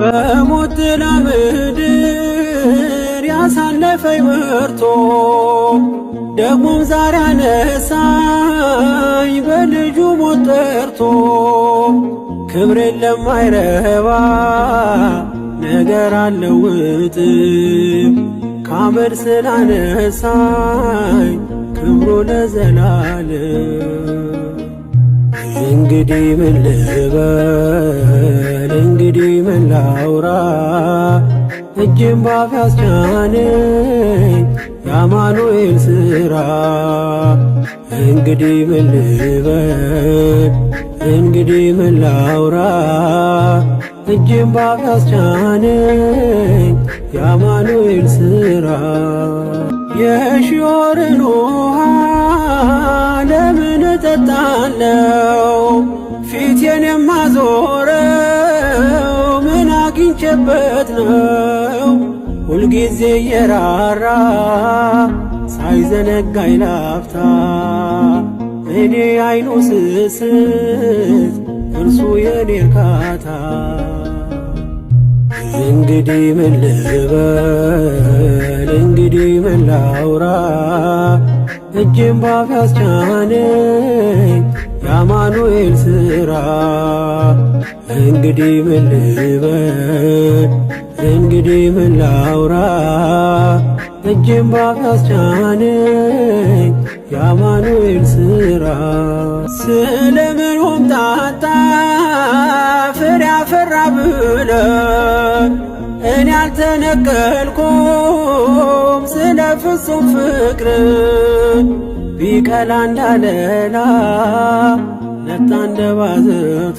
በሞት ጥላ ምድር ያሳለፈኝ መርቶ ደግሞም ዛሬ አነሳኝ በልጁ ሞት ጠርቶ ክብሬን ለማይረባ ነገር አልለውጥም ከአመድ ስላነሳኝ ክብሩ ለዘላለም እንግዲህ ምን ልበል እንግዲህ ምን ላውራ እጅም ባፍ ያስቻነኝ የአማኑኤል ስራ እንግዲህ ምን ልበል እንግዲህ ምን ላውራ እጅም ባፍ ያስቻነኝ የአማኑኤል ስራ የሺዮርን ውሃ እጠጣለው ፊቴን የማዞረው ምን አግኝቼበት ነው? ሁልጊዜ እየራራ ሳይዘነጋ ይላፍታ እኔ አይኑ ስስት እርሱ የኔ እርካታ። እንግዲህ ምን ልበል እንግዲህ ምን ላውራ እጅም ባፍ ያስቻለኝ የአማኑኤል ስራ እንግዲህ ምን ልበል እንግዲህ ምን ላውራ እጅም ባፍ ያስቻለኝ የአማኑኤል ሥራ ስለምን ሆምጣጣ ፍሬ አፈራ ብለው አልተነቀልኩም ስለ ፍጹም ፍቅር ቢቀላ እንዳለላ ነጣ እንደባዘቱ